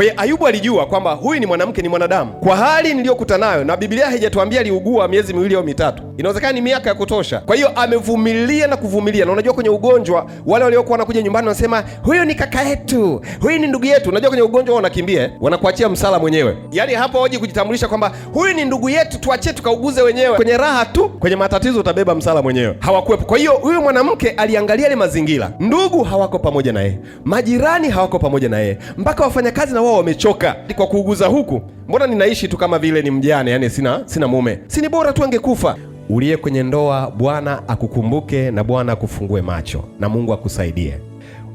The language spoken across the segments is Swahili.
Kwa hiyo Ayubu alijua kwamba huyu ni mwanamke, ni mwanadamu. Kwa hali niliyokuta nayo, na Biblia haijatuambia aliugua miezi miwili au mitatu, inawezekana ni miaka ya kutosha. Kwa hiyo amevumilia na kuvumilia, na unajua kwenye ugonjwa wale waliokuwa wanakuja nyumbani wanasema huyu ni kaka yetu, huyu ni ndugu yetu. Unajua kwenye ugonjwa wanakimbia, eh? wanakuachia msala mwenyewe, yaani hapo waje kujitambulisha kwamba huyu ni ndugu yetu, tuachie tukauguze wenyewe. Kwenye raha tu, kwenye matatizo utabeba msala mwenyewe, hawakuwepo. Kwa hiyo huyu mwanamke aliangalia ile mazingira, ndugu hawako pamoja naye, majirani hawako pamoja naye, mpaka wafanyakazi na wao wamechoka kwa kuuguza huku, mbona ninaishi tu kama vile ni mjane, yani sina, sina mume. Si ni bora tu angekufa. Uliye kwenye ndoa, Bwana akukumbuke na Bwana akufungue macho na Mungu akusaidie.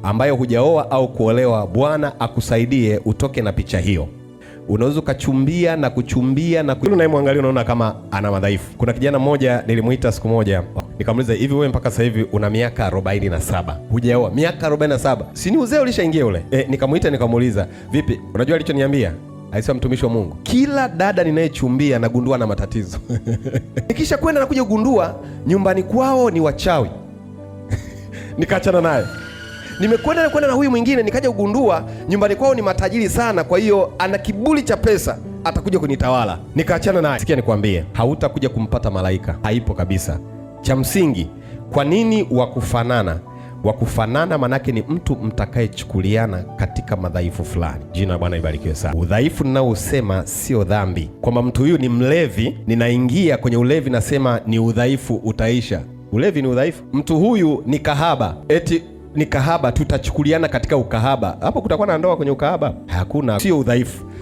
Ambayo hujaoa au kuolewa, Bwana akusaidie utoke na picha hiyo. Unaweza ukachumbia na kuchumbia na unayemwangalia unaona kama ana madhaifu. Kuna kijana mmoja nilimuita siku moja Nikamuliza, hivi wewe mpaka sasa hivi una miaka 47 hujaoa? Miaka 47 si ni uzee ulishaingia ule? E, eh, nikamwita nikamuuliza, vipi? Unajua alichoniambia Alisema mtumishi wa Mungu, kila dada ninayechumbia nagundua na matatizo nikisha kwenda nakuja kugundua nyumbani kwao ni wachawi nikaachana naye. Nimekwenda na kwenda na huyu mwingine, nikaja kugundua nyumbani kwao ni matajiri sana, kwa hiyo ana kiburi cha pesa, atakuja kunitawala. Nikaachana naye. Sikia nikwambie, hautakuja kumpata malaika, haipo kabisa. Cha msingi, kwa nini wakufanana? Wakufanana manake ni mtu mtakayechukuliana katika madhaifu fulani. Jina Bwana ibarikiwe sana. Udhaifu ninaousema sio dhambi, kwamba mtu huyu ni mlevi, ninaingia kwenye ulevi, nasema ni udhaifu, utaisha. Ulevi ni udhaifu. Mtu huyu ni kahaba, eti ni kahaba, tutachukuliana katika ukahaba. Hapo kutakuwa na ndoa kwenye ukahaba? Hakuna, sio udhaifu.